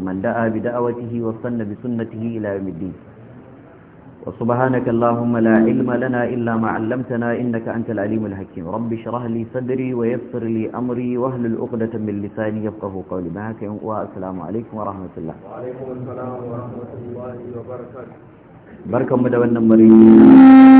ومن دعا بدعوته وصن بسنته إلى يوم الدين وسبحانك اللهم لا علم لنا إلا ما علمتنا إنك أنت العليم الحكيم رب شرح لي صدري ويسر لي أمري وأهل الأقدة من لساني يفقه قولي بهاك والسلام عليكم ورحمة الله وعليكم السلام ورحمة الله وبركاته بركة مدونا مريم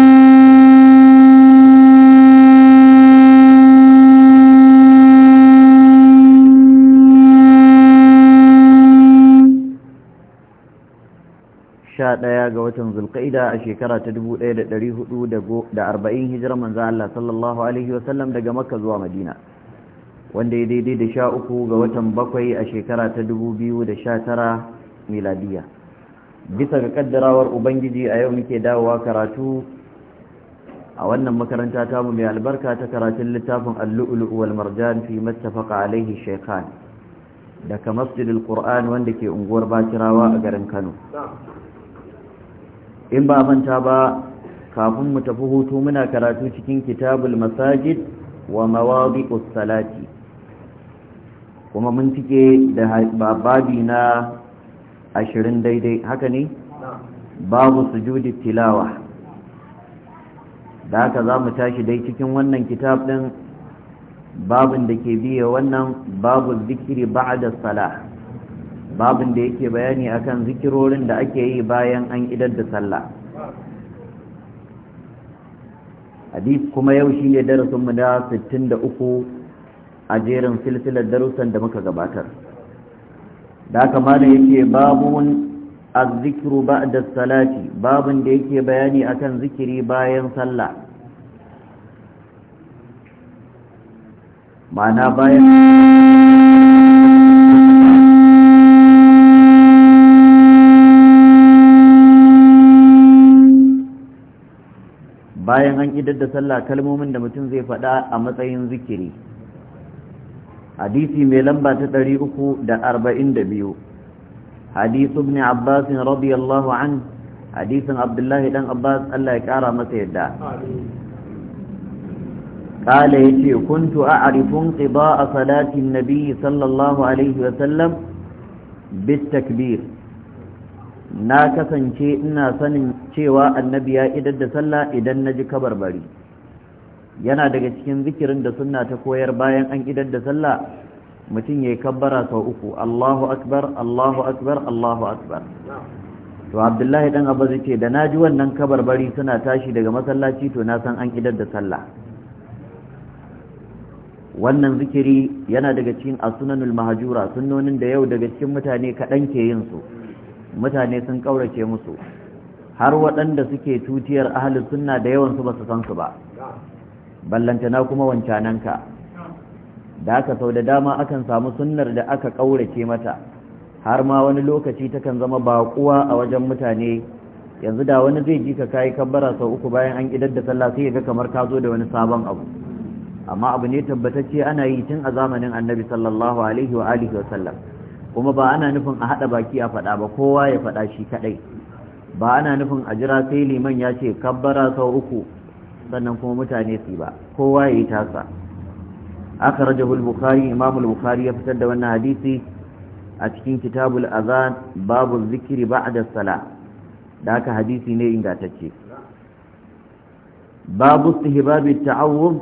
ɗaya ga watan zulƙa'ida a shekara ta 1440 hijirar manzan Allah sallallahu Alaihi wasallam daga makka zuwa madina wanda ya daidai da sha uku ga watan bakwai a shekara ta 2019 miladiya bisa ga kaddarawar ubangiji a yau muke dawowa karatu a wannan makaranta ta mu mai albarka ta karatun littafin allu'ulu wal marjan fi mattafaqa alaihi shaykhan daga masjidil qur'an wanda ke unguwar bakirawa a garin Kano in ba manta ba kafin mu tafi hutu muna karatu cikin kitabul masajid wa mawadi'us salati kuma mun cike da babi na 20 daidai haka ne babu sujudi tilawa da haka za mu tashi dai cikin wannan kitab din babin da ke biye wannan babu zikiri ba'da salah babin da yake bayani akan zikirorin da ake yi bayan an idar da sallah hadith kuma yau shi ne darasinmu da 63 a jerin silsilar darussan da muka gabatar da kama da yake babun azzikiru ba'da salati babun da yake bayani akan zikiri bayan sallah ma'ana bayan bayan an idar da sallah kalmomin da mutum zai faɗa a matsayin zikiri hadisi mai lamba ta 342 Hadisu ibn abbas radiyallahu an hadisin abdullahi dan abbas Allah ya kara masa yadda قال يتي كنت أعرف انقضاء صلاة النبي صلى الله عليه وسلم بالتكبير na kasance ina sanin cewa annabi ya idar da sallah idan na ji kabarbari yana daga cikin zikirin da sunna ta koyar bayan an idar da sallah mutum ya yi kabbara sau uku Allahu akbar Allahu akbar Allahu akbar to abdullahi dan abu ce da na ji wannan kabarbari suna tashi daga masallaci to na san an idar da sallah wannan zikiri yana daga cikin asunanul mahajura sunnonin da yau daga cikin mutane kaɗan ke yin su mutane sun kaurace musu har waɗanda suke tutiyar ahalin sunna da yawansu ba su san su ba ballantana kuma wancananka da aka sau da dama akan samu sunnar da aka kaurace mata har ma wani lokaci takan zama baƙuwa a wajen mutane yanzu da wani zai ji ka kayi kabbara sau uku bayan an idar da sallah sai ga kamar ka zo da wani sabon abu amma abu ne tabbatacce ana yi tun a zamanin annabi sallallahu alaihi wa alihi wa sallam kuma ba ana nufin a haɗa baki a faɗa ba kowa ya faɗa shi kaɗai ba ana nufin a jira sai liman ya ce kabbara sau uku sannan kuma mutane su ba kowa ya yi tasa aka raja bukari imamul bukari ya fitar da wannan hadisi a cikin kitabul azan babu zikiri ba da sala da aka hadisi ne ingantacce babu istihbabi ta'awun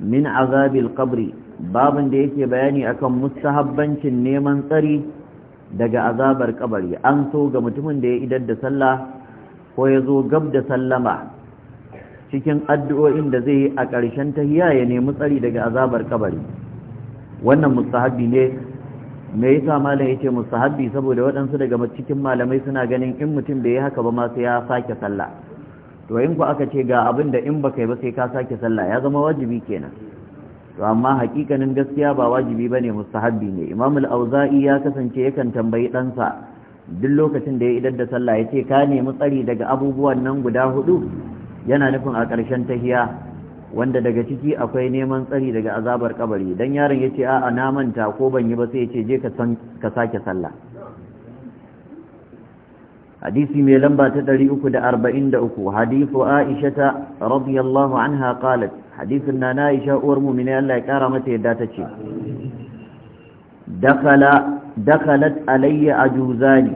min azabil qabri babin da yake bayani akan mustahabbancin neman tsari daga azabar kabari an so ga mutumin da ya idar da sallah ko ya zo gab da sallama cikin addu'o'in da zai yi a ƙarshen tahiya ya nemi tsari daga azabar kabari wannan mustahabbi ne me yasa malam ce mustahabbi saboda waɗansu daga cikin malamai suna ganin in mutum da yi haka ba ma sai ya sake sallah to in ku aka ce ga abin da in baka yi ba sai ka sake sallah ya zama wajibi kenan to amma hakikanin gaskiya ba wajibi bane mustahabbi ne imam al-auza'i ya kasance yakan tambayi ɗansa duk lokacin da ya idar da sallah ya ce ka nemi tsari daga abubuwan nan guda hudu yana nufin a ƙarshen tahiya wanda daga ciki akwai neman tsari daga azabar kabari dan yaron ya ce a na manta ko ban yi ba sai yace je ka sake sallah hadisi mai lamba ta 343 hadisu aisha radiyallahu anha qalat hadisin na na uwar mumina Allah ya kara mata yadda ta ce dakalat alayya Juzani.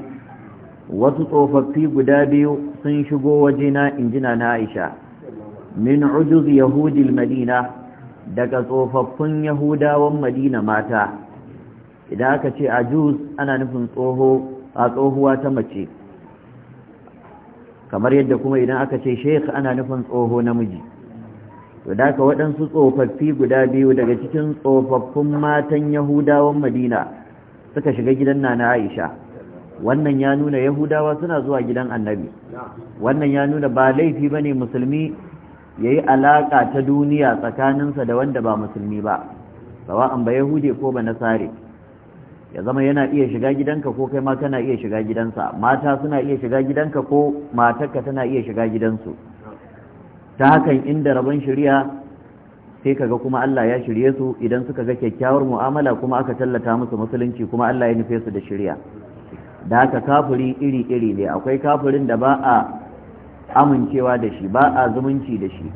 wasu tsofaffi guda biyu sun shigo waje na injina na aisha min ujuz yahudil madina daga tsofaffin yahudawan madina mata idan aka ce ajuz ana nufin tsoho a tsohuwa ta mace kamar yadda kuma idan aka ce sheikh ana nufin tsoho namiji to da ka waɗansu tsofaffi guda biyu daga cikin tsofaffin matan yahudawan madina suka shiga gidan nana aisha wannan ya nuna yahudawa suna zuwa gidan annabi wannan ya nuna ba laifi ba ne musulmi ya yi alaƙa ta duniya tsakaninsa da wanda ba musulmi ba sawa'an ba yahude ko ba nasare ya zama yana iya shiga gidanka ko kai ma kana iya shiga gidansa mata suna iya shiga gidanka ko matarka tana iya shiga gidansu ta hakan inda rabon shari'a sai kaga kuma Allah ya shirye su idan suka ga kyakkyawar mu'amala kuma aka tallata musu musulunci kuma Allah ya nufe su da shari'a da haka kafiri iri-iri ne akwai kafirin da ba a amincewa da shi ba a zumunci da shi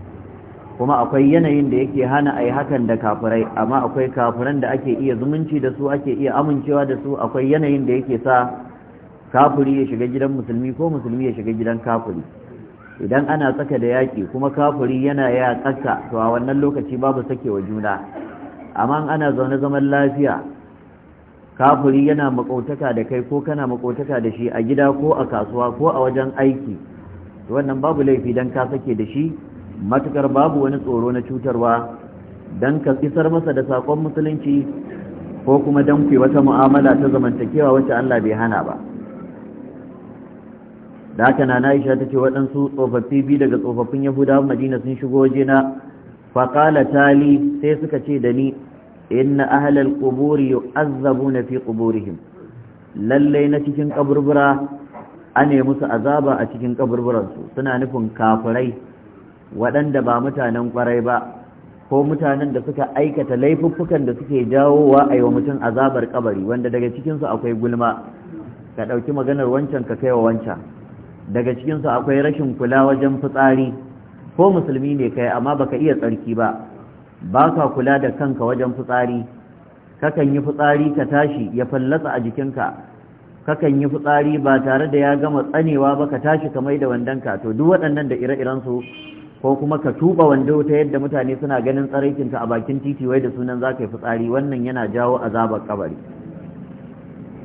kuma akwai yanayin da yake hana a yi hakan da kafirai amma akwai kafiran da ake iya zumunci da su ake iya amincewa da su akwai yanayin da yake sa kafiri ya shiga gidan musulmi ko musulmi ya shiga gidan kafiri idan ana tsaka da yaƙi kuma kafuri yana tsaka to a wannan lokaci babu sake wa juna amma ana zaune zaman lafiya kafuri yana makautaka da kai ko kana makautaka da shi a gida ko a kasuwa ko a wajen aiki wannan babu laifi dan ka sake da shi matukar babu wani tsoro na cutarwa don ka isar masa da sakon musulunci ko kuma dan ku wata mu'amala ta zamantakewa wacce Allah bai hana ba da haka na Aisha ce waɗansu tsofaffi biyu daga tsofaffin Yahudawa Madina sun shigo jina na faqala tali sai suka ce da ni inna ahlal quburi yu'azzabuna fi quburihim lalle na cikin kaburbura ane musu azaba a cikin kaburburansu suna nufin kafirai waɗanda ba mutanen kwarai ba ko mutanen da suka aikata laifuffukan da suke jawowa a yi wa mutum azabar kabari wanda daga cikinsu akwai gulma ka ɗauki maganar wancan ka kai wa wancan daga cikinsu akwai rashin kula wajen fitsari ko musulmi ne kai amma baka iya tsarki ba ba ka kula da kanka wajen fitsari kakan yi fitsari ka tashi ya fallasa a jikinka kakan yi fitsari ba tare da ya gama tsanewa ba ka tashi ka mai da wandonka to duk waɗannan da ire-irensu ko kuma ka tuba wando ta yadda mutane suna ganin tsaraikinka a bakin titi wai da sunan za ka yi fitsari wannan yana jawo azabar kabari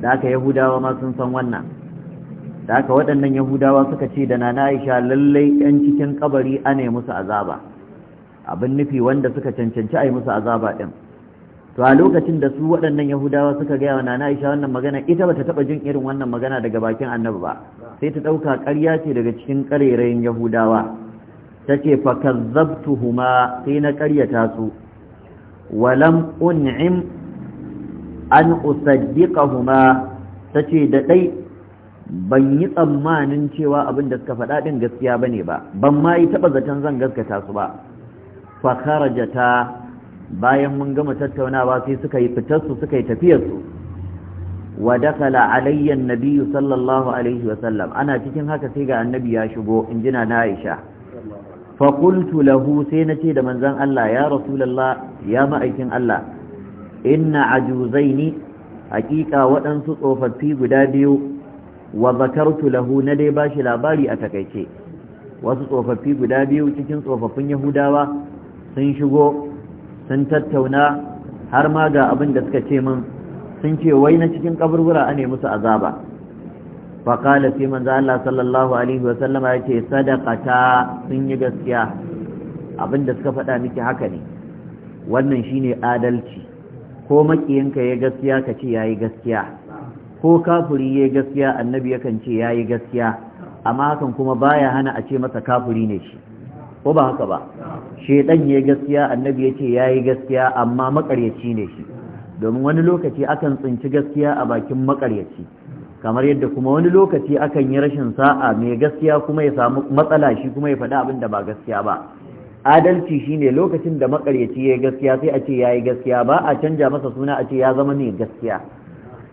da aka yahudawa ma sun san wannan da haka waɗannan yahudawa suka ce da nana aisha lallai yan cikin kabari a ne musu azaba abin nufi wanda suka cancanci a yi musu azaba ɗin to a lokacin da su waɗannan yahudawa suka gaya wa nana aisha wannan magana ita ba ta taɓa jin irin wannan magana daga bakin annabi ba sai ta ɗauka ƙarya ce daga cikin ƙarerayin yahudawa ta ce fakazzabtuhuma sai na ƙaryata su walam un'im an usaddiqahuma tace da ɗai. ban yi tsammanin cewa abin da suka faɗa ɗin gaskiya ba ne ba ban ma yi taɓa zaton zan gaskata su ba fakarajata ta bayan mun gama tattaunawa sai suka yi fitarsu suka yi tafiyarsu wa dakala alayyan nabiyyu sallallahu alaihi wa sallam ana cikin haka sai ga annabi ya shigo injina na Aisha fa qultu lahu sai nace da manzon Allah ya rasulullah ya ma'aikin Allah inna ajuzaini haƙiƙa waɗansu tsofaffi guda biyu wa zakartu lahu na dai bashi labari a takaice wasu tsofaffi guda biyu cikin tsofaffin yahudawa sun shigo sun tattauna har ma ga abin da suka ce min sun ce wai na cikin kaburbura ane musu azaba faƙala sai manzo Allah sallallahu alaihi wa sallama yace sadaqata sun yi gaskiya abin da suka faɗa miki haka ne wannan shine adalci ko makiyinka ya gaskiya kace ce yayi gaskiya ko kafiri yayi gaskiya annabi yakan ce yayi gaskiya amma hakan kuma baya hana a ce masa kafuri ne shi ko ba haka ba shedan yayi gaskiya annabi ya yace yayi gaskiya amma makaryaci ne shi domin wani lokaci akan tsinci gaskiya a bakin makaryaci kamar yadda kuma wani lokaci akan yi rashin sa'a mai gaskiya kuma ya samu matsala shi kuma ya faɗi abin da ba gaskiya ba adalci shine lokacin da makaryaci ya yi gaskiya sai a ce ya yi gaskiya ba a canja masa suna a ce ya zama ne gaskiya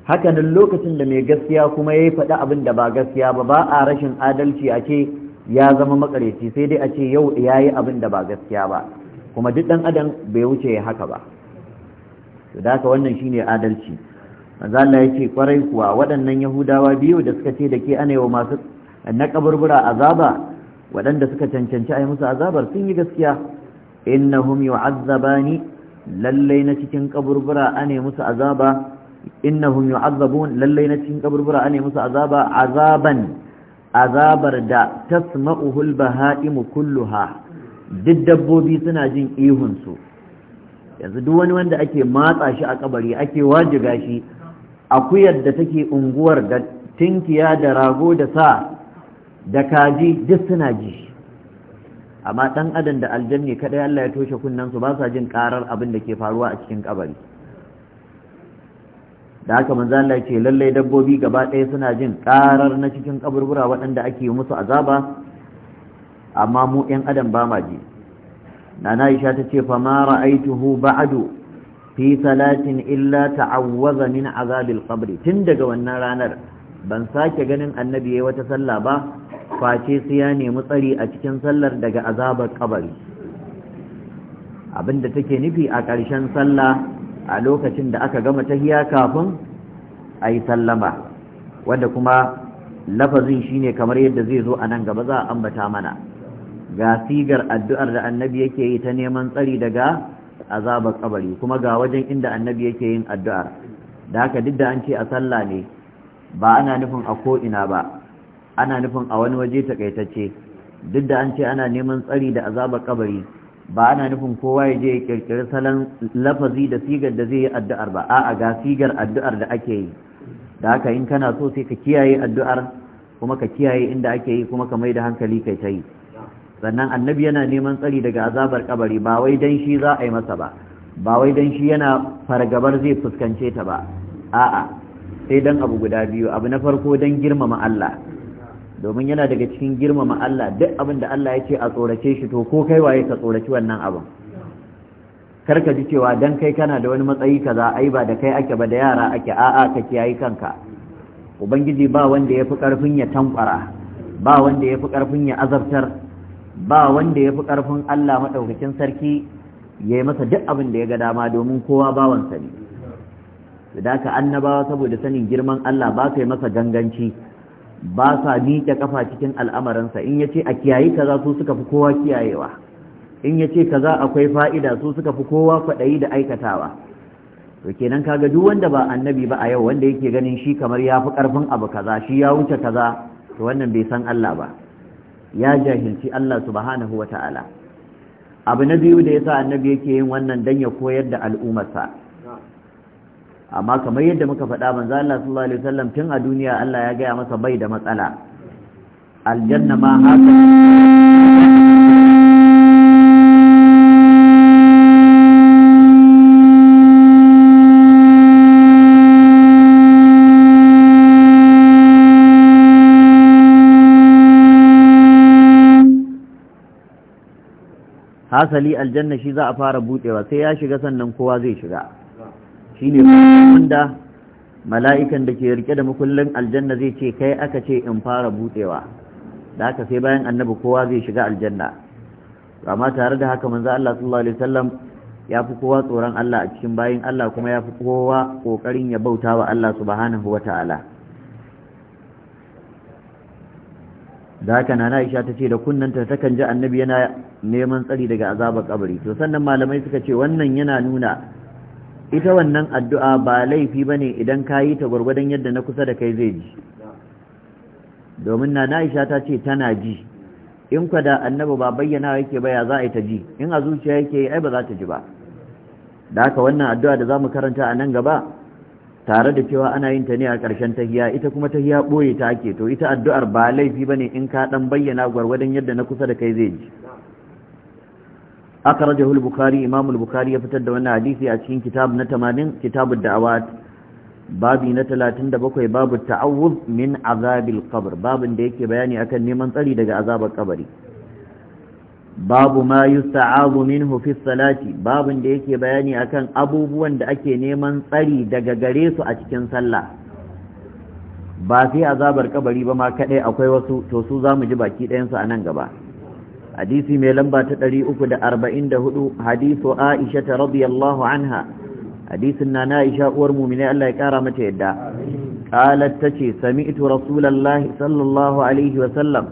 hakanan lokacin da mai gaskiya kuma ya yi faɗi abin da ba gaskiya ba ba a rashin adalci a ce ya zama makareci sai dai a ce yau ya yi abin da ba gaskiya ba kuma duk ɗan adam bai wuce ya haka ba su daka wannan wannan shine adalci manzo ya ce kwarai kuwa waɗannan yahudawa biyu da suka ce da ke yawa masu na kaburbura azaba waɗanda suka cancanci a yi musu azabar sun yi gaskiya innahum yu'azzabani lallai na cikin kaburbura anai musu azaba innahum yu'adzabun lallai na cikin kaburbura an musu azaba azaban azabar da tasma'uhu al-bahaimu kulluha duk dabbobi suna jin ihun su yanzu duk wani wanda ake matsa shi a kabari ake wajiga shi akuyar da take unguwar da tinkiya da rago da sa da kaji duk suna ji amma dan adam da aljanni kada Allah ya toshe kunnen su ba sa jin karar abin da ke faruwa a cikin kabari da haka manzo Allah ce lallai dabbobi gaba ɗaya suna jin karar na cikin kaburbura waɗanda ake musu azaba amma mu ɗan adam ba ma ji nana Aisha ta ce fa ma ra'aituhu ba'du fi salatin illa ta'awwaza min azabil qabr tun daga wannan ranar ban sake ganin annabi yayi wata sallah ba face sai ya nemi tsari a cikin sallar daga azabar kabari abinda take nufi a ƙarshen sallah a lokacin da aka gama tahiya kafin a yi sallama wanda kuma lafazin shine kamar yadda zai zo a nan gaba za a ambata mana ga sigar addu'ar da annabi yake yi ta neman tsari daga azabar kabari kuma ga wajen inda annabi yake yin addu'ar da haka duk da an ce a sallah ne ba ana nufin a ko'ina ba ana nufin a wani waje takaitacce duk da an ce ana neman tsari da azabar kabari ba ana nufin kowa ya je ya kirkiri salon lafazi da sigar da zai yi addu'ar ba a'a ga sigar addu'ar da ake yi da haka in kana so sai ka kiyaye addu'ar kuma ka kiyaye inda ake yi kuma ka mai da hankali kai ta yi sannan annabi yana neman tsari daga azabar kabari ba wai dan shi za a yi masa ba ba wai dan shi yana fargabar zai fuskance ta ba a'a sai dan abu guda biyu abu na farko dan girmama Allah domin yana daga cikin girmama Allah duk abin da Allah ya ce a tsorace shi to ko kai waye ka tsoraci wannan abin kar ka ji cewa dan kai kana da wani matsayi kaza ai ba da kai ake ba da yara ake a'a ka kiyaye kanka ubangiji ba wanda ya fi karfin ya tankwara ba wanda ya karfin ya azabtar ba wanda ya karfin Allah madaukakin sarki yayi yi masa duk abin da ya ga dama domin kowa bawansa ne da ka annabawa saboda sanin girman Allah ba sai masa ganganci ba sa miƙe kafa cikin al'amaransa in yace a kiyayi kaza su suka fi kowa kiyayewa in yace kaza akwai fa'ida su suka fi kowa kwaɗayi da aikatawa to kenan kaga duk wanda ba annabi ba a yau wanda yake ganin shi kamar ya fi ƙarfin abu kaza shi ya wuce kaza to wannan bai san Allah ba ya jahilci Allah subhanahu wa ta'ala abu na biyu da yasa annabi yake yin wannan dan ya koyar da al'ummarsa amma kamar yadda muka faɗa manzo Allah sallallahu alaihi wasallam tun a duniya Allah ya gaya masa bai da matsala aljanna ma haka hasali aljanna shi za a fara buɗewa, sai ya shiga sannan kowa zai shiga Shi shine wanda mala'ikan da ke rike da makullin aljanna zai ce kai aka ce in fara budewa da aka sai bayan annabi kowa zai shiga aljanna amma tare da haka manzo Allah sallallahu alaihi wasallam ya fi kowa tsoron Allah a cikin bayan Allah kuma ya fi kowa kokarin ya bauta wa Allah subhanahu ta'ala da haka na Aisha ta ce da ta takan ji annabi yana neman tsari daga azabar kabari to sannan malamai suka ce wannan yana nuna ita wannan addu'a ba laifi ba ne idan ka yi ta gwargwadon yadda na kusa da kai zai ji domin na na'isha ta ce tana ji in kwa da annabi ba bayyana yake ba ya za a ta ji in a zuciya yake ai ba za ta ji ba da haka wannan addu'a da za mu karanta a nan gaba tare da cewa ana yin ta ne a ƙarshen tahiya ita kuma tahiya ɓoye ta ake to ita addu'ar ba laifi ba ne in ka ɗan bayyana gwargwadon yadda na kusa da kai zai ji akhrajahu al-bukhari imam al-bukhari ya fitar da wannan hadisi a cikin kitab na 80 kitab ad-da'awat babi na 37 babu ta'awuz min azabil qabr babin da yake bayani akan neman tsari daga azabar kabari babu ma yusta'azu minhu fi salati babin da yake bayani akan abubuwan da ake neman tsari daga gare a cikin sallah ba sai azabar kabari ba ma kadai akwai wasu to su zamu ji baki ɗayansu a nan gaba hadisi mai lamba ta 344 hadisu Aisha ta radiyallahu anha hadisin na na uwar mu'mini Allah ya kara mata yadda qalat tace sami'tu rasulullahi sallallahu alaihi wa sallam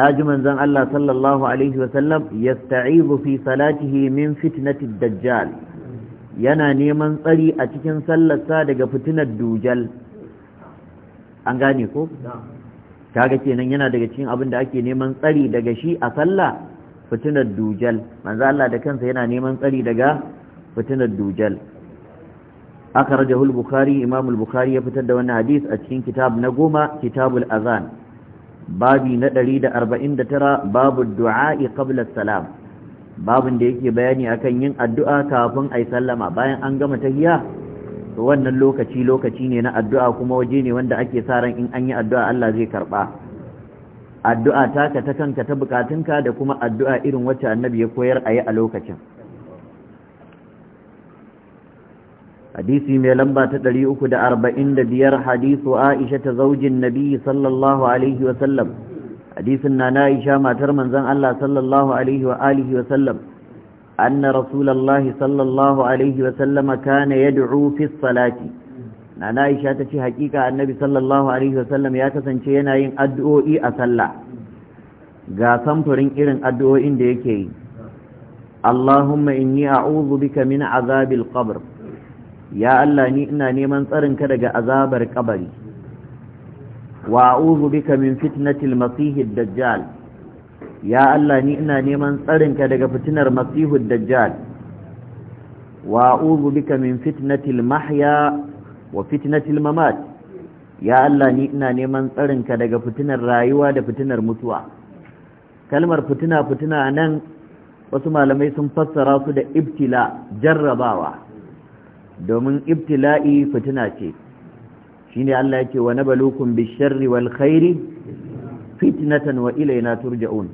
naji manzon Allah sallallahu alaihi wa sallam yasta'izu fi salatihi min fitnati dajjal yana neman tsari a cikin sallarsa daga fitinar dujal an gane ko kaga kenan yana daga cikin abin da ake neman tsari daga shi a sallah fitinar dujal manzo Allah da kansa yana neman tsari daga fitinar dujal akhrajahu al-bukhari imam al-bukhari ya fitar da wannan hadis a cikin kitab na goma kitabul azan babi na 149 babu du'a qabla salam babin da yake bayani akan yin addu'a kafin ai sallama bayan an gama tahiyya wannan lokaci lokaci ne na addu'a kuma waje ne wanda ake sa ran in an yi addu'a Allah zai karɓa. addu'a taka ta kanka ta bukatunka da kuma addu'a irin wacce annabi ya koyar a yi a lokacin hadisi mai lamba ta 345 hadisu Aisha ta zaujin nabi sallallahu alaihi wa sallam hadisin na na Aisha matar manzon Allah sallallahu alaihi wa أن رسول الله صلى الله عليه وسلم كان يدعو في الصلاة أنا عائشة تشي حقيقة النبي صلى الله عليه وسلم ياتسن شينا ين أدعوئي أسلع قاسم فرين إرن أدعوئين ديكي اللهم إني أعوذ بك من عذاب القبر يا الله نئنا نيمن صرن كدق عذاب القبر وأعوذ بك من فتنة المسيح الدجال ya Allah ni ina neman tsarinka daga fitinar masihu dajjal wa a'udhu bika min fitnatil mahya wa fitnatil mamat ya Allah ni ina neman tsarinka daga fitinar rayuwa da fitinar mutuwa kalmar fitina fitina nan wasu malamai sun fassara su da ibtila jarrabawa domin ibtila'i fitina ce shine Allah yake wa nabalukum bisharri wal khairi fitnatan wa ilayna turja'un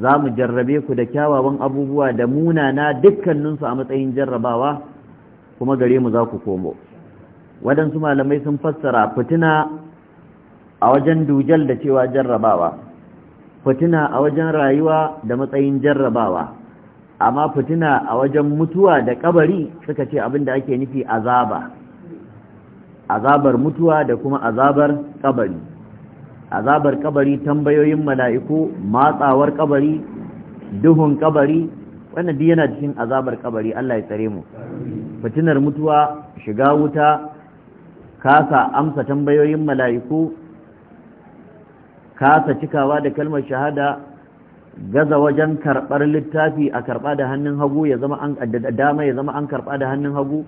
za mu jarrabe ku da kyawawan abubuwa da munana dukkaninsu a matsayin jarrabawa kuma gare mu za ku komo waɗansu malamai sun fassara fitina a wajen dujal da cewa jarrabawa fitina a wajen rayuwa da matsayin jarrabawa amma fitina a wajen mutuwa da kabari suka ce abin da ake nufi azaba azabar mutuwa da kuma azabar kabari azabar kabari tambayoyin mala'iku matsawar kabari duhun kabari wannan duk yana cikin azabar kabari Allah ya tsare mu fitinar mutuwa shiga wuta kasa amsa tambayoyin mala'iku kasa cikawa da kalmar shahada gaza wajen karbar littafi a karba da hannun hagu ya zama an dama ya zama an karba da hannun hagu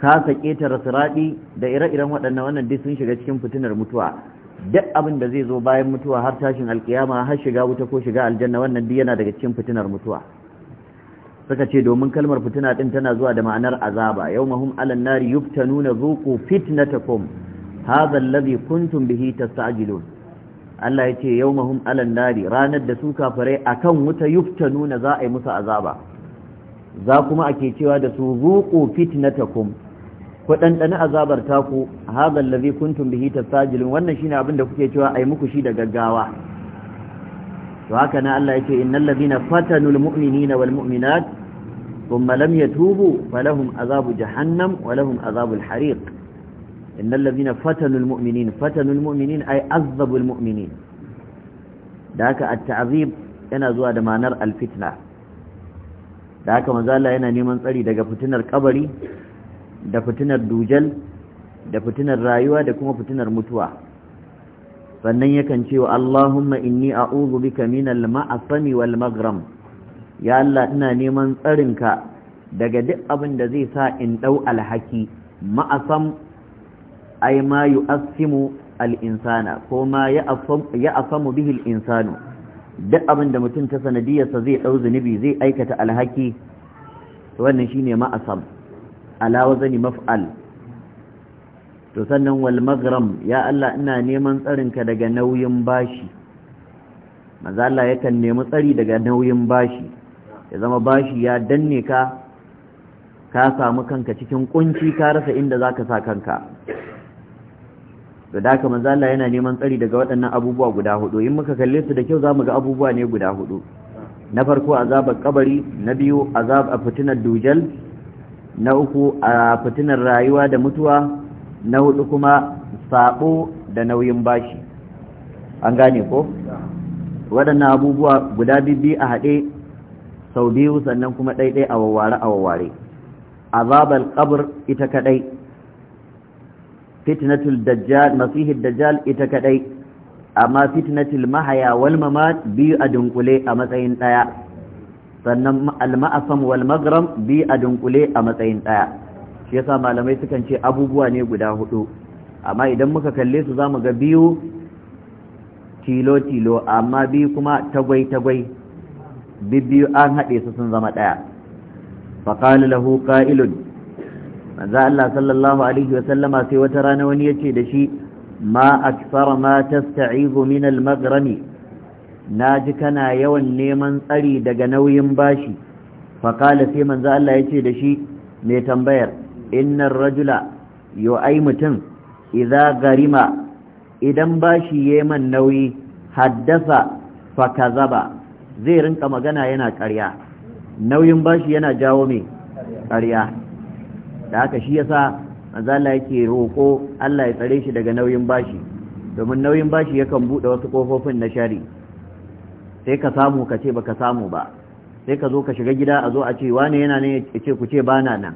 kasa ƙetare siraɗi da ire-iren waɗannan wannan duk sun shiga cikin fitinar mutuwa duk abin da zai zo bayan mutuwa har tashin alkiyama har shiga wuta ko shiga aljanna wannan duk yana daga cikin fitinar mutuwa suka ce domin kalmar fitina din tana zuwa da ma'anar azaba yawmahum alan nari yuftanuna zuqu fitnatakum hadha alladhi kuntum bihi tasta'jilun Allah ya ce yawmahum alan nari ranar da su kafare akan wuta yuftanuna za a yi musu azaba za kuma ake cewa da su zuqu fitnatakum ku ɗanɗana azabar taku hadha allazi kuntum bihi tastajilun wannan shi ne abinda kuke cewa ai muku shi da gaggawa to haka na Allah ya ce yace innal ladina fatanul mu'minina wal mu'minat thumma lam yatubu falahum azabu jahannam wa lahum azabul hariq innal ladina fatanul mu'minina fatanul mu'minina ay azzabul mu'minina da haka at-ta'zib yana zuwa da ma'anar al da haka manzo yana neman tsari daga fitinar kabari da fitinar dujal da fitinar rayuwa da kuma fitinar mutuwa sannan yakan cewa Allahumma inni a'udhu bika minal ma'asami wal maghram ya Allah ina neman tsarinka daga duk abin da zai sa in dau alhaki ma'asam ay ma yu'assimu al-insana ko ma ya'asamu bihi al-insanu duk abin da mutum ta sanadiyarsa zai dau zunubi zai aikata alhaki wannan shine ma'asam ala wazani maf'al to sannan wal magram ya Allah ina neman tsarinka daga nauyin bashi maza Allah yakan nemi tsari daga nauyin bashi ya zama bashi ya danne ka ka samu kanka cikin kunci ka rasa inda za ka sa kanka da daga maza Allah yana neman tsari daga waɗannan abubuwa guda hudu in muka kalle su da kyau za mu ga abubuwa ne guda hudu na farko azabar kabari na biyu azab a fitinar dujal na uku a fitinar rayuwa da mutuwa na hudu kuma sabo da nauyin bashi an gane ko waɗannan abubuwa guda bibbi a haɗe sau biyu sannan kuma ɗaiɗai a wawware a wawware azabar ƙabar ita kaɗai fitnatul dajjal masihid dajjal ita kaɗai amma fitnatul mahaya wal biyu a dunkule a matsayin ɗaya sannan al-ma'asam wal maghram bi a dunkule a matsayin daya shi yasa malamai sukan ce abubuwa ne guda hudu amma idan muka kalle su zamu ga biyu tilo tilo amma biyu kuma tagwai tagwai bibbiyu an haɗe su sun zama daya faqala lahu qa'ilun manzo Allah sallallahu alaihi wa sallama sai wata rana wani yace da shi ma aksara ma tasta'izu min al na ji kana yawan neman tsari daga nauyin bashi faƙala sai manzo Allah ya ce da shi mai tambayar innar rajula yo ai mutum idza garima idan bashi man nauyi haddasa fa kazaba zai rinka magana yana ƙarya nauyin bashi yana jawo mai ƙarya da haka shi yasa manzo Allah yake roƙo Allah ya tsare shi daga nauyin bashi domin nauyin bashi yakan buɗe wasu ƙofofin na shari'a sai ka samu ka ce baka samu ba sai ka zo ka shiga gida a zo a ce wane yana ne ya ce ku ce ba na nan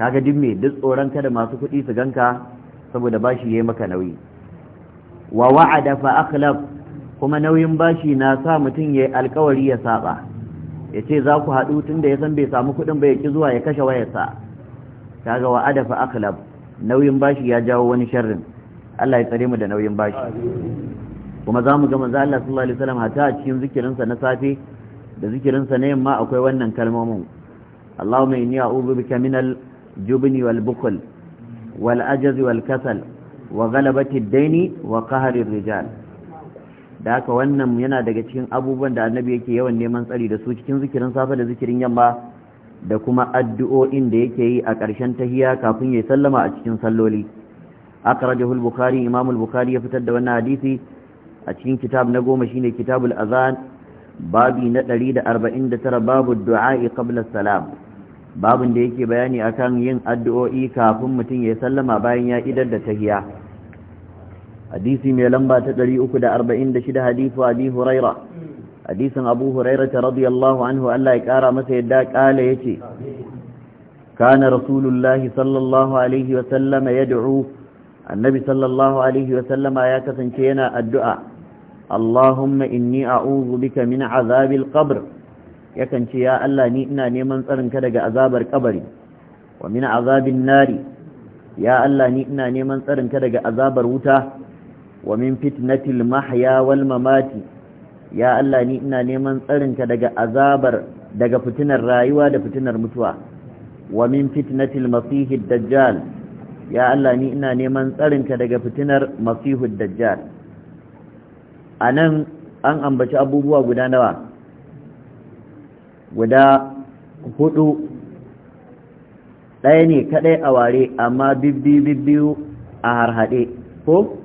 kaga ga me duk tsoron kada masu kuɗi su ganka saboda bashi yi maka nauyi wa wa'ada fa akhlaf kuma nauyin bashi na sa mutum yayi alkawari ya saba yace za ku haɗu tunda ya san bai samu kuɗin ba ya ki zuwa ya kashe wayarsa kaga wa'ada fa akhlaf nauyin bashi ya jawo wani sharrin Allah ya tsare mu da nauyin bashi kuma za mu ga manzo Allah sallallahu alaihi wasallam a cikin zikirinsa na safe da zikirinsa na yamma akwai wannan kalmomin Allahumma inni a'udhu bika min jubni wal bukhl wal ajaz wal kasal wa ghalabati ad wa qahri rijal da haka wannan yana daga cikin abubuwan da annabi yake yawan neman tsari da su cikin zikirin safe da zikirin yamma da kuma addu'o'in da yake yi a ƙarshen tahiya kafin ya sallama a cikin salloli akhrajahu al-bukhari imam al-bukhari ya fitar da wannan hadisi a cikin kitab na goma shine kitabul azan babi na 149 babu du'a'i qabla salam babin da yake bayani akan yin addu'o'i kafin mutum ya sallama bayan ya idar da tahiya hadisi mai lamba ta 346 hadisi abi huraira hadisin abu huraira radiyallahu anhu Allah ya kara masa yadda kala yace كان رسول الله صلى الله عليه وسلم annabi sallallahu صلى wa عليه ya kasance yana addu'a. Allahuma inni a'udhu bika min azabil qabr yakan ce ya Allah ni ina neman tsarinka daga azabar kabari wa nari ya Allah ni wuta wa mamati ya Allah ina neman tsarinka daga azabar daga fitinar rayuwa da fitinar mutuwa wa min fitnatil masihid dajjal ya Allah ina neman tsarinka daga fitinar masihud a nan an ambaci abubuwa guda nawa guda hudu ɗaya ne kaɗai a ware amma bibbiyu a harhaɗe ko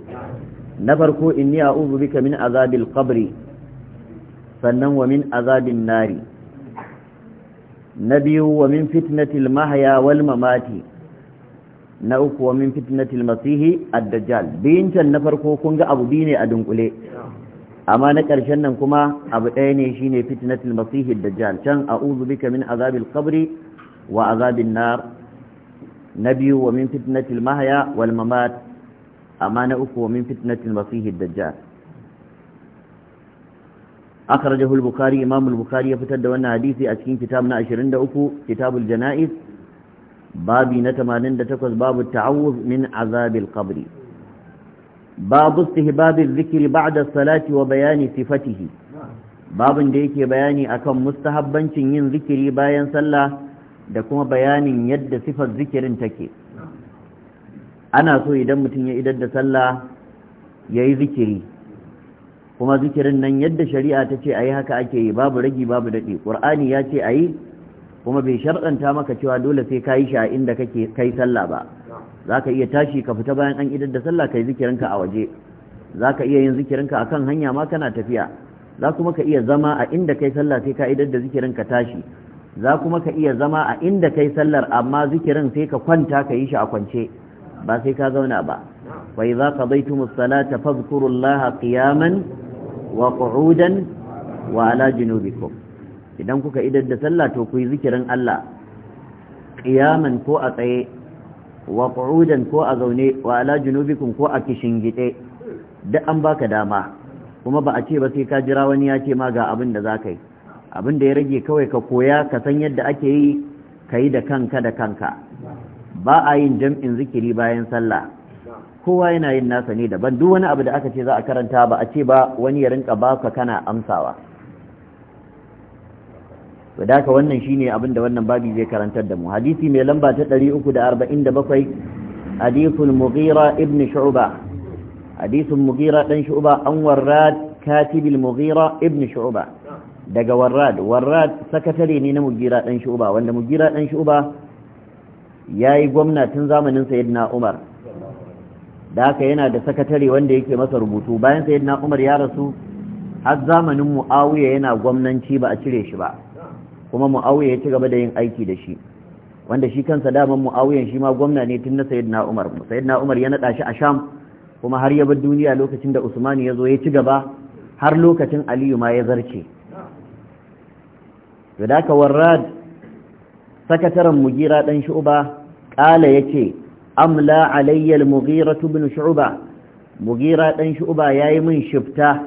na farko inni a uzu bika min azabil qabri sannan wa min azabin nari na biyu wa min fitnatil mahaya wal mamati na uku wa min fitnatil masihi ad-dajjal biyin can na farko kun ga abu biyu ne a dunkule amma na ƙarshen nan kuma abu ɗaya ne shi shine fitnatul masih dajjal can a'udhu bika min azabil qabri wa azabin nar na biyu wa min fitnatil mahaya wal mamat amma na uku wa min fitnatil masih dajjal akhrajahu al-bukhari imam al-bukhari ya fitar da wannan hadisi a cikin kitab na 23 kitabul janaiz babi na 88 babu ta'awuz min azabil qabri babu istihbabin zikiri ba'da salati wa bayani sifatihi babin da yake bayani akan mustahabbancin yin zikiri bayan sallah da kuma bayanin yadda sifar zikirin take ana so idan mutum ya idar da sallah ya yi zikiri kuma zikirin nan yadda shari'a ta ce a yi haka ake yi babu ragi babu daɗi ƙur'ani ya ce a yi kuma bai sharɗanta maka cewa dole sai ka yi shi a inda kake kai sallah ba za ka iya tashi ka fita bayan an idar da sallah ka yi zikirinka a waje za ka iya yin zikirinka a kan hanya ma kana tafiya za kuma ka iya zama a inda kai sallah sai ka idar da zikirinka tashi za kuma ka iya zama a inda kai sallar amma zikirin sai ka kwanta ka yi shi a kwance ba sai ka zauna ba wa idza qadaytumus salata fadhkurullaha qiyaman wa qu'udan wa ala junubikum idan kuka idar da sallah to ku yi zikirin Allah qiyaman ko a tsaye wa qu'udan ko a zaune wa ala junubikum ko a kishin gide da an baka dama kuma ba a ce ba sai ka jira wani ya ce ma ga abin da zaka yi abin da ya rage kawai ka koya ka san yadda ake yi ka yi da kanka da kanka ba a yin jam'in zikiri bayan sallah kowa yana yin nasa ne daban duk wani abu da aka ce za a karanta ba a ce ba wani ya rinka baka kana amsawa to da haka wannan shine abin da wannan babi zai karantar da mu hadisi mai lamba ta 347 hadithul mughira ibn shu'ba hadithul mughira dan shu'ba an warrad katibil mughira ibn shu'ba daga warrad warrad sakatare ne na mugira dan shu'ba wanda mugira dan shu'ba yayi gwamna tun zamanin sayyidina umar da haka yana da sakatare wanda yake masa rubutu bayan sayyidina umar ya rasu har zamanin muawiya yana gwamnanci ba a cire shi ba kuma mu'awiya ya ci gaba da yin aiki da shi wanda shi kansa daman mu'awiyan shi ma gwamna ne tun na sayyidina umar sayyidina umar ya naɗa shi a sham kuma har ya bar duniya lokacin da Usman ya zo ya ci gaba har lokacin aliyu ma ya zarce yadaka warrad sakataren mugira ɗan shu'uba ƙala ya ce amla alayyal mugira bin shu'uba mugira ɗan shu'uba ya yi min shifta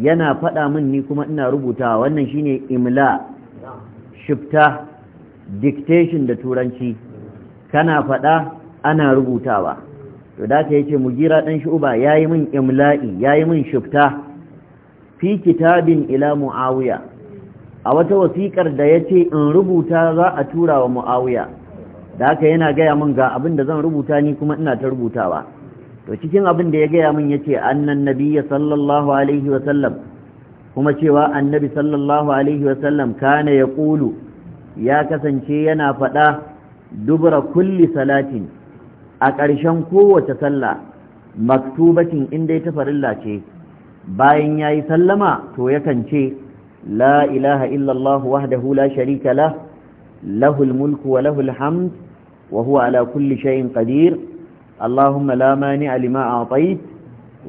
yana faɗa min ni kuma ina rubuta wannan shine imla shifta dictation da turanci kana faɗa ana rubutawa to da ka yace mugira dan shuba yayi min imla'i yayi min shifta fi kitabin ila muawiya a wata wasiƙar da yace in rubuta za a tura wa muawiya da haka yana gaya min ga abin da zan rubuta ni kuma ina ta rubutawa to cikin abin da ya gaya min yace annan nabiyya sallallahu alaihi wa sallam kuma cewa annabi sallallahu alaihi wasallam kana ya ƙulu ya kasance yana faɗa dubura kulli salatin a ƙarshen kowace sallah maktubatin inda ta farilla ce bayan ya yi sallama to yakan ce la ilaha illallah wahdahu la sharika la lahul mulku wa lahul hamd wa huwa ala kulli shay'in qadir allahumma la mani'a lima a'tayt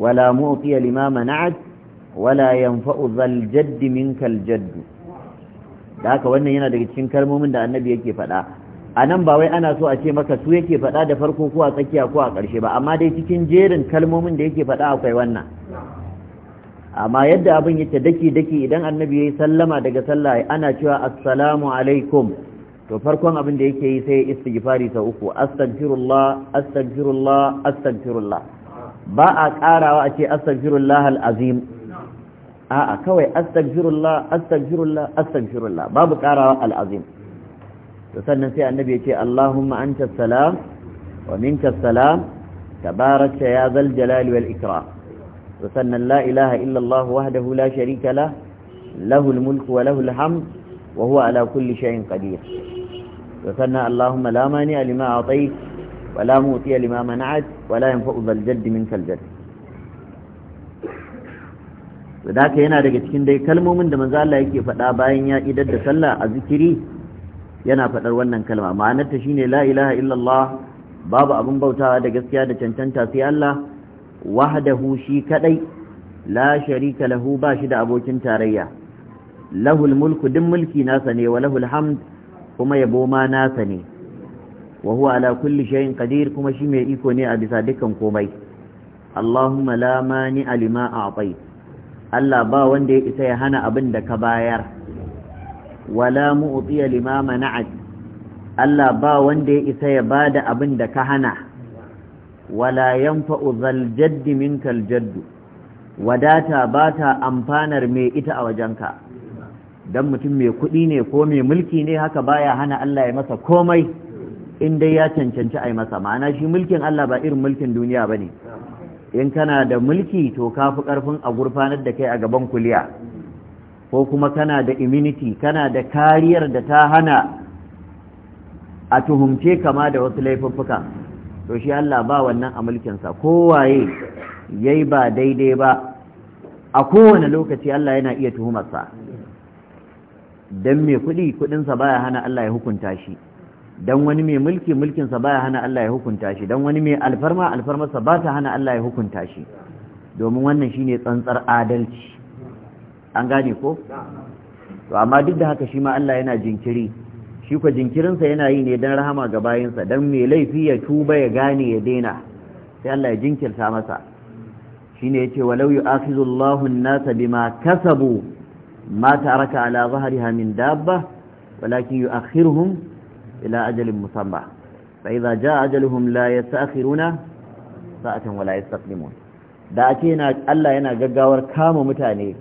wa la mu'tiya lima mana'at wala yanfa'u zal jaddi minkal jaddu da haka wannan yana daga cikin kalmomin da annabi yake faɗa a nan ba wai ana so a ce maka su yake faɗa da farko ko a tsakiya ko a ƙarshe ba amma dai cikin jerin kalmomin da yake faɗa akwai wannan amma yadda abin yake daki daki idan annabi yayi sallama daga sallah ana cewa assalamu alaikum to farkon abin da yake yi sai istighfari sa uku astaghfirullah astaghfirullah astaghfirullah ba a karawa a ce astaghfirullah azim. a'a kawai astaghfirullah astaghfirullah astaghfirullah babu karawa al'azim to sannan sai annabi ya ce Allahumma anta salam wa minka salam tabaraka ya zal jalali wal ikram to sannan la ilaha illa Allah wahdahu la sharika la lahu mulku wa lahu hamd wa huwa ala kulli shay'in qadir to sannan Allahumma la mani lima a'tayt wa la mu'tiya lima mana'at wa la yanfa'u dhal jadd minka al to da yana daga cikin dai kalmomin da manzo Allah yake faɗa bayan ya idar da sallah a zikiri yana faɗar wannan kalma ma'anarta shine la ilaha illallah babu abin bautawa da gaskiya da cancanta sai Allah wahdahu shi kadai la sharika lahu ba shi da abokin tarayya lahul mulku din mulki nasa ne wa lahul hamd kuma yabo ma nasa ne wa huwa ala kulli shay'in qadir kuma shi mai iko ne a bisa dukkan komai allahumma la mani alima a'tait Allah ba wanda ya isa ya hana abin da ka bayar wala mu'tiya lima mana'at Allah ba wanda ya isa ya bada abin da ka hana wala yanfa'u zal jaddi minkal jaddu wadata ba ta amfanar mai ita a wajenka dan mutum mai kuɗi ne ko mai mulki ne haka baya hana Allah ya masa komai in dai ya cancanci a yi masa ma'ana shi mulkin Allah ba irin mulkin duniya bane in kana da mulki to ka fi ƙarfin a gurfanar da kai a gaban kuliya ko kuma kana da immunity kana da kariyar da ta hana a tuhumce kama da wasu laifuffuka to shi Allah ba wannan a mulkinsa kowaye ya yi ba daidai ba a kowane lokaci Allah yana iya tuhumarsa don mai kuɗi kuɗinsa baya hana Allah ya hukunta shi dan wani mai mulki mulkinsa baya hana Allah ya hukunta shi dan wani mai alfarma alfarmarsa ba ta hana Allah ya hukunta shi domin wannan shine tsantsar adalci an gane ko to amma duk da haka shi ma Allah yana jinkiri shi ko jinkirinsa yana yi ne dan rahama ga bayinsa dan mai laifi ya tuba ya gane ya daina sai Allah ya jinkirta masa shine yace walau yu'akhizullahu an-nasa bima kasabu ma taraka ala dhahriha min dabba walakin yu'akhiruhum إلى أجل مسمى فإذا جاء أجلهم لا يتأخرون ساعة ولا يستقدمون da ake na Allah yana gaggawar kama mutane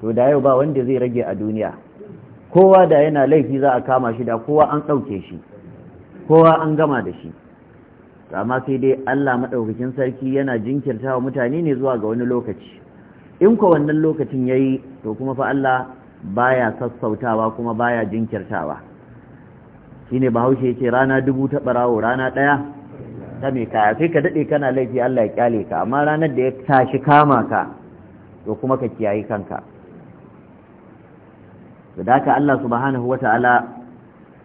to da yau ba wanda zai rage a duniya kowa da yana laifi za a kama shi da kowa an ɗauke shi kowa an gama da shi Kama sai dai Allah maɗaukakin sarki yana jinkirta wa mutane ne zuwa ga wani lokaci in ko wannan lokacin yayi to kuma fa Allah baya sassautawa kuma baya jinkirtawa ne bahaushe ce rana dubu ta barawo rana ɗaya ta me kaya sai ka daɗe kana laifi Allah ya kyale ka amma ranar da ya tashi kama ka to kuma ka kiyaye kanka to da Allah subhanahu ta'ala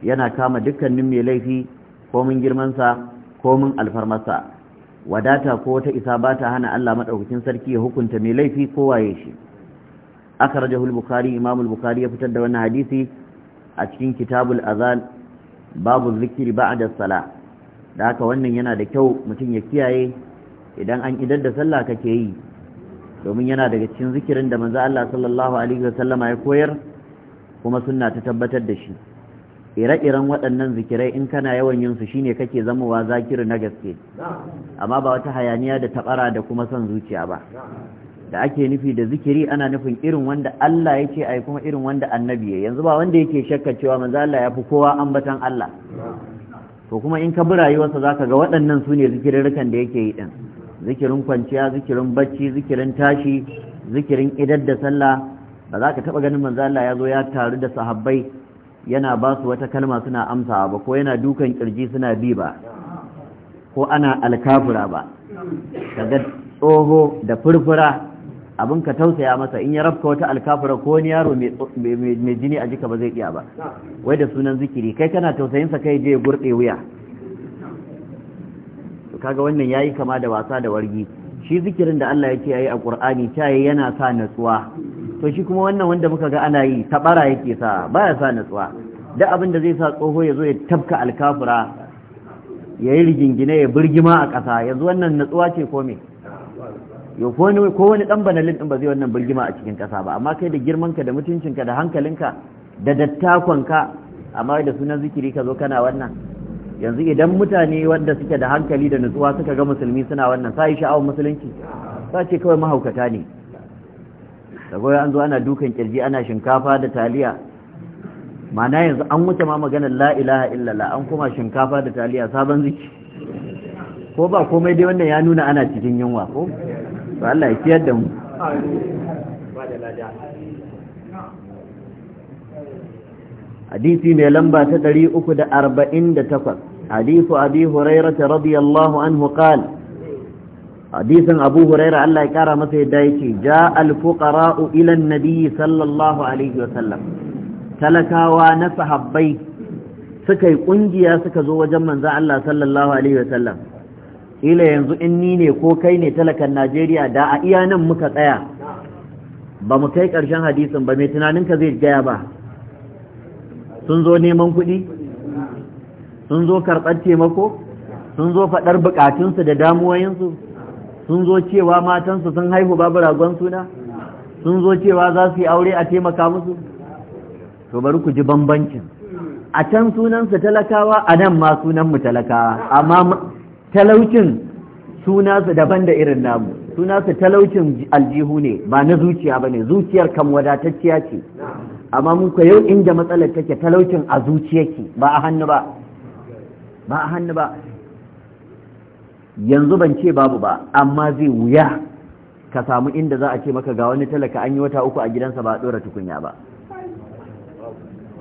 yana kama dukkanin mai laifi ko mun girman sa ko mun alfarmarsa wadata ko ta isa ba ta hana Allah madaukakin sarki ya hukunta mai laifi ko waye shi akhrajahu al-bukhari imam al-bukhari ya fitar da wannan hadisi a cikin kitabul azal. babu zikiri ba da sala da haka wannan yana da kyau mutum ya kiyaye idan an idar da sallah kake yi domin yana daga cikin zikirin da manzo Allah sallallahu alaihi wasallama ya koyar kuma sunna ta tabbatar da shi ire-iren waɗannan zikirai in kana yawan yin su shine kake zamowa zakiri na gaske amma ba wata hayaniya da tabara da kuma son zuciya ba da ake nufi da zikiri ana nufin irin wanda Allah ya ce ai kuma irin wanda annabi ya yanzu ba wanda yake shakka cewa manzo Allah ya fi kowa ambatan Allah to kuma in ka bi rayuwarsa zaka ga waɗannan su ne zikirirkan da yake yi din zikirin kwanciya zikirin bacci zikirin tashi zikirin idar da sallah ba za ka taɓa ganin manzo Allah ya zo ya taru da sahabbai yana ba su wata kalma suna amsawa ba ko yana dukan kirji suna bi ba ko ana alkafura ba kaga tsoho da furfura abin ka tausaya masa in ya rafka wata alkafura ko wani yaro mai jini a jika ba zai iya ba wai da sunan zikiri kai kana tausayin sa kai je gurɗe wuya kaga wannan yayi kama da wasa da wargi shi zikirin da Allah yake yayi a Qur'ani ta yana sa natsuwa to shi kuma wannan wanda muka ga ana yi tabara yake sa baya sa natsuwa duk abin da zai sa tsoho ya zo ya tafka alkafura yayi yi rigingine ya birgima a ƙasa yanzu wannan natsuwa ce ko me yau ko wani dan banalin din ba zai wannan birgima a cikin kasa ba amma kai da girmanka da mutuncinka da hankalinka da dattakonka amma da sunan zikiri ka zo kana wannan yanzu idan mutane wanda suke da hankali da nutsuwa suka ga musulmi suna wannan sai sha'awar musulunci ba ce kawai mahaukata ne da an zo ana dukan kirji ana shinkafa da taliya mana yanzu an wuce ma maganar la ilaha illallah an kuma shinkafa da taliya sabon ziki ko ba komai dai wannan ya nuna ana cikin yunwa ko to Allah ya ciyar da mu hadisi mai lamba ta 348 hadisu abi ta radiyallahu anhu qala hadisin abu huraira Allah ya kara masa yadda yake ja alfuqara'u ila annabi sallallahu alaihi wa sallam talakawa na sahabbai suka yi kungiya suka zo wajen manzon Allah sallallahu alaihi wa sallam. ila yanzu in ni ne ko kai ne talakan najeriya da a iya nan muka tsaya ba mu kai karshen hadisin ba mai tunaninka zai gaya ba sun zo neman kuɗi sun zo karɓar taimako sun zo faɗar buƙatunsu da damuwayinsu sun zo cewa matansu sun haihu babu ragon suna sun zo cewa za su yi aure a taimaka musu to bari ku ji bambancin a can sunansu talakawa a nan ma sunan mu talakawa amma talaucin suna daban da irin namu suna su talaucin aljihu ne ba na zuciya ba ne zuciyar kam wadatacciya ce amma mun ko yau inda matsalar take talaucin a ke ba a hannu ba ba a hannu ba yanzu ban ce babu ba amma zai wuya ka samu inda za a ce maka ga wani talaka an yi wata uku a gidansa ba a ɗora tukunya ba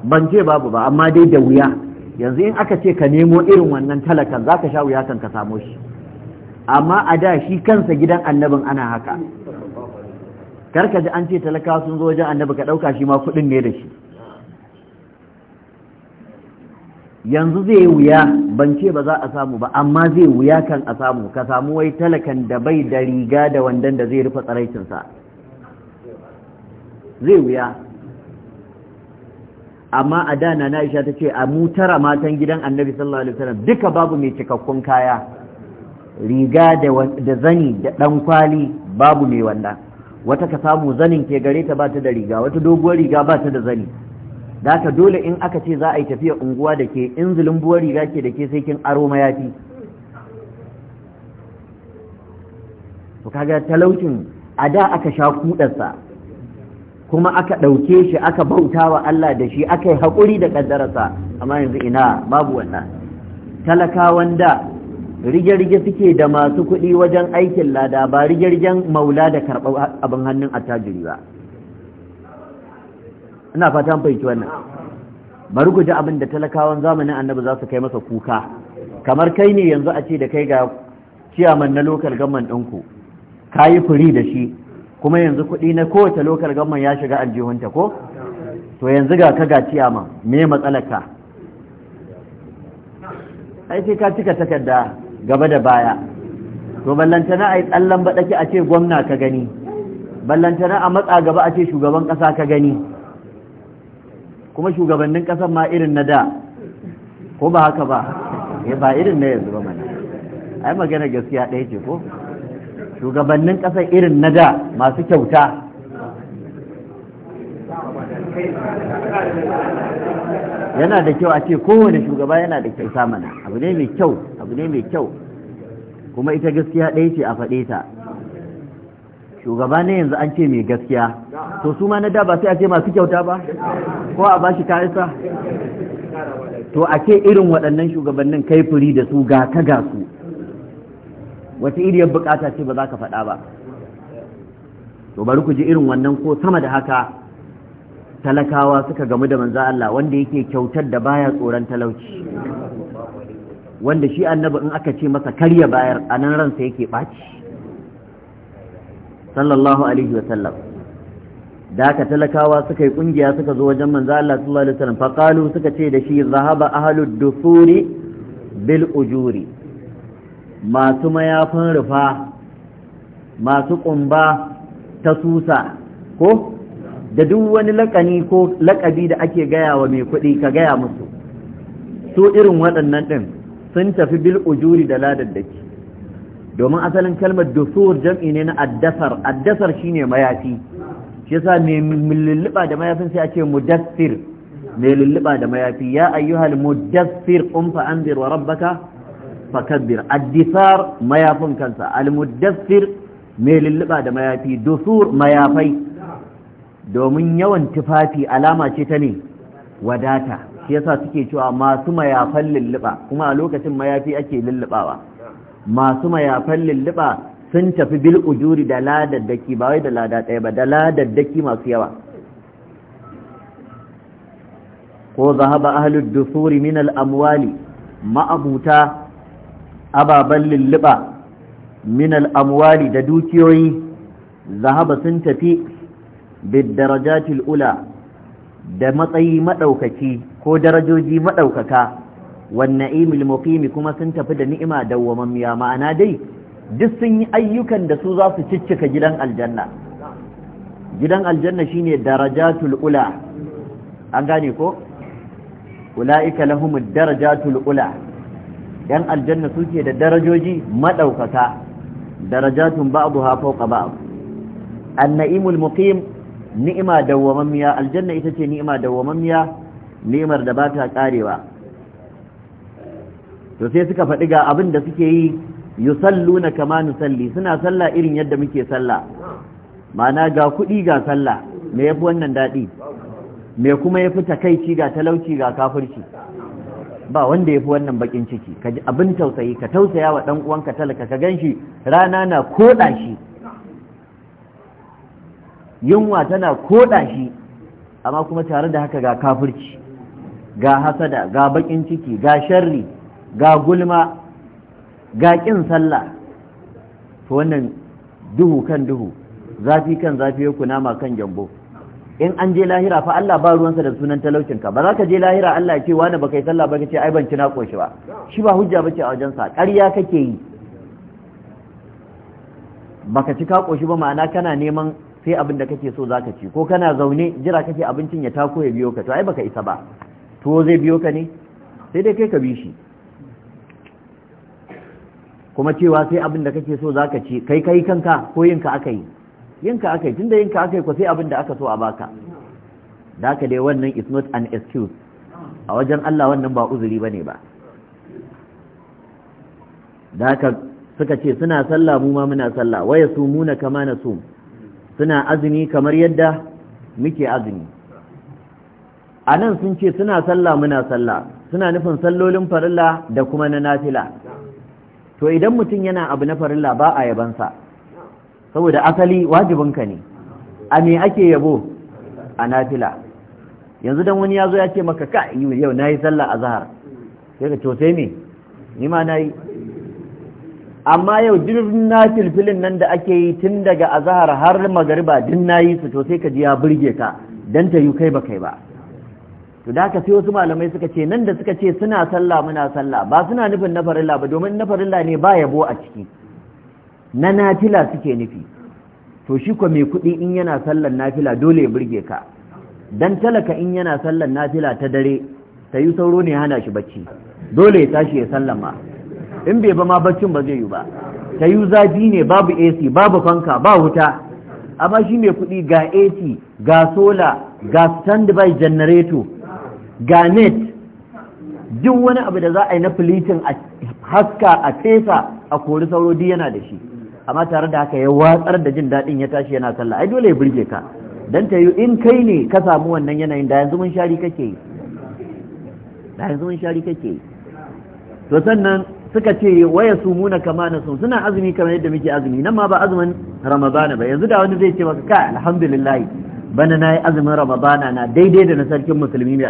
ban ce babu ba amma dai da wuya yanzu in aka ce ka nemo irin wannan talakan za ka sha wuya kan ka samo shi amma a da shi kansa gidan annabin ana haka Kar ka ji an ce talakawa sun zo wajen annabi ka ɗauka shi ma kuɗin ne da shi yanzu zai yi wuya ban ce ba za a samu ba amma zai wuya kan a samu ka samu wai talakan da bai da riga da wandan da zai rufe tsaraicinsa zai wuya amma a da na Aisha ta ce a mutara matan gidan Annabi sallallahu alaihi wasallam duka babu mai cikakkun kaya riga da zani da dan kwali babu mai wanda wata ka samu zanin ke gare ta ba da riga wata doguwar riga ba da zani da ka dole in aka ce za a yi tafiya unguwa da ke in buwar riga ke da ke sai kin aro mayafi to kaga talaucin a da aka sha kudarsa kuma aka ɗauke shi aka bauta wa Allah da shi aka yi haƙuri da ƙaddararsa amma yanzu ina babu wannan talakawan da rige-rige suke da masu kuɗi wajen aikin lada ba rige-rigen maula da karɓar abin hannun attajiri ba ina an fahimci wannan bari ku ji abin da talakawan zamanin annabi za su kai masa kuka kamar kai ne yanzu a ce da kai ga ciyaman na lokal gamman ɗinku ka yi furi da shi kuma yanzu kuɗi na kowace lokal gamman ya shiga aljihunta ko to yanzu ga ka ga ciyama me matsalaka? ai sai ka cika takarda gaba da baya to ballantana ai tsallan baɗaki a ce gwamna ka gani ballantana a matsa gaba a ce shugaban ƙasa ka gani kuma shugabannin ƙasar ma irin na da ko ba haka ba eh, ba irin na yanzu ba mana ai magana gaskiya ɗaya ce ko shugabannin ƙasar irin na da masu kyauta yana da kyau a ce kowane shugaba yana da kyauta mana abu ne mai kyau abu ne mai kyau kuma ita gaskiya ɗaya ce a faɗe ta shugaba ne yanzu an ce mai gaskiya to su ma na da ba sai a ce masu kyauta ba ko a bashi kayansa to a ce irin waɗannan shugabannin kai furi da su ga ka ga su wata iriyar bukata ce ba za ka faɗa ba to bari ku ji irin wannan ko sama da haka talakawa suka gamu da manzo Allah wanda yake kyautar da baya tsoron talauci wanda shi annabi in aka ce masa karya bayar a nan ransa yake ɓaci sallallahu alaihi wa sallam da aka talakawa suka yi kungiya suka zo wajen manzo Allah sallallahu alaihi sallam faqalu suka ce da shi zahaba ahlud dufuri bil ujuri masu mayafin rufa masu ƙumba ta susa ko da duk wani lakani ko lakabi da ake gaya wa mai kuɗi ka gaya musu su irin waɗannan ɗin sun tafi bil ujuri da ladaddaki domin asalin kalmar dusur jam'i ne na addasar addasar shine mayafi shi yasa me lulluɓa da mayafin sai a ce mudassir mai lulluɓa da mayafi ya ayyuhal mudassir qum fa anzir wa rabbaka fakabbir addisar mayafin kansa almuddassir mai lulluɓa da mayafi dusur mayafai domin yawan tufafi alama ce ta ne wadata shi yasa suke cewa masu mayafan lulluɓa kuma a lokacin mayafi ake lulluɓawa masu mayafan lulluɓa sun tafi bil ujuri da ladaddaki ba wai da lada ɗaya ba da ladaddaki masu yawa ko zahaba ahlud dusuri min al amwali ma'abuta ababen lulluɓa min al'amwali da dukiyoyi zahaba sun tafi bidarajatil ula da matsayi maɗaukaki ko darajoji maɗaukaka wanne imil muqimi kuma sun tafi da ni'ima dawwamammiya ma'ana dai duk sun yi ayyukan da su za su ciccika gidan aljanna gidan aljanna shine darajatul ula an gane ko ula'ika lahumud darajatul ula yan aljanna suke da darajoji madaukaka darajatun ba'daha fawqa ba'd an muqim ni'ima dawwamammiya aljanna ita ce ni'ima dawwamammiya ni'imar da ba ta karewa to sai suka faɗi ga abin da suke yi yusalluna kama nusalli suna sallah irin yadda muke sallah mana ga kuɗi ga sallah me yafi wannan daɗi me kuma yafi takaici ga talauci ga kafirci ba wanda ya fi wannan bakin ciki ka ji abin tausayi ka tausaya wa ɗan uwanka talaka ka gan shi rana na koɗa shi yunwa tana koɗa shi amma kuma tare da haka ga kafirci ga hasada ga bakin ciki ga sharri ga gulma ga ƙin sallah to wannan duhu kan duhu zafi kan zafi ya kunama kan jambo in an je lahira fa Allah ba ruwansa da sunan talaucin ka ba za ka je lahira Allah ya ce wani baka yi sallah ba ce ai ban ci na koshi ba shi ba hujja bace a wajen sa ƙarya kake yi baka ci ka koshi ba ma'ana kana neman sai abin da kake so zaka ci ko kana zaune jira kake abincin ya tako ya biyo ka to ai baka isa ba to zai biyo ka ne sai dai kai ka bi shi kuma cewa sai abin da kake so zaka ci kai kai kanka ko yinka aka yi yinka akai tunda yinka akai ko sai abin da aka so a baka da ka dai wannan is not an excuse a wajen Allah wannan ba uzuri bane ba da ka suka ce suna sallah mu ma muna sallah waya muna kama su suna azumi kamar yadda muke azumi a nan sun ce suna sallah muna sallah suna nufin sallolin farilla da kuma na nafila to idan mutum yana abu na farilla ba a yabansa saboda asali wajibinka ne a me ake yabo a nafila yanzu dan wani ya zo ya ce maka ka yau na yi sallah a zahar sai ka ni ma na yi amma yau duk na filfilin nan da ake yi tun daga azahar har magariba din na yi su to ka ji ya burge ka dan ta yi kai ba kai ba to da haka sai wasu malamai suka ce nan da suka ce suna sallah muna sallah ba suna nufin na farilla ba domin na farilla ne ba yabo a ciki na nafila suke nufi to shi ko mai kuɗi in yana sallar nafila dole ya burge ka dan talaka in yana sallar nafila ta dare ta yi sauro ne hana shi bacci dole ya tashi ya sallama in bai ba ma baccin ba zai yi ba ta yi zafi ne babu ac babu fanka ba wuta amma shi mai kuɗi ga ac ga sola ga standby generator ga net duk wani abu da za a yi na filitin a haska a fesa a kori sauro duk yana da shi amma tare da haka ya watsar da jin daɗin ya tashi yana sallah ai dole ya burge ka dan ta yi in kai ne ka samu wannan yanayin da yanzu mun shari kake yi da yanzu mun shari kake yi to sannan suka ce waya su muna kama na sun suna azumi kamar yadda muke azumi nan ma ba azumin ramadana ba yanzu da wani zai ce maka kai alhamdulillah bana na yi azumin ramadana na daidai da na sarkin musulmi mai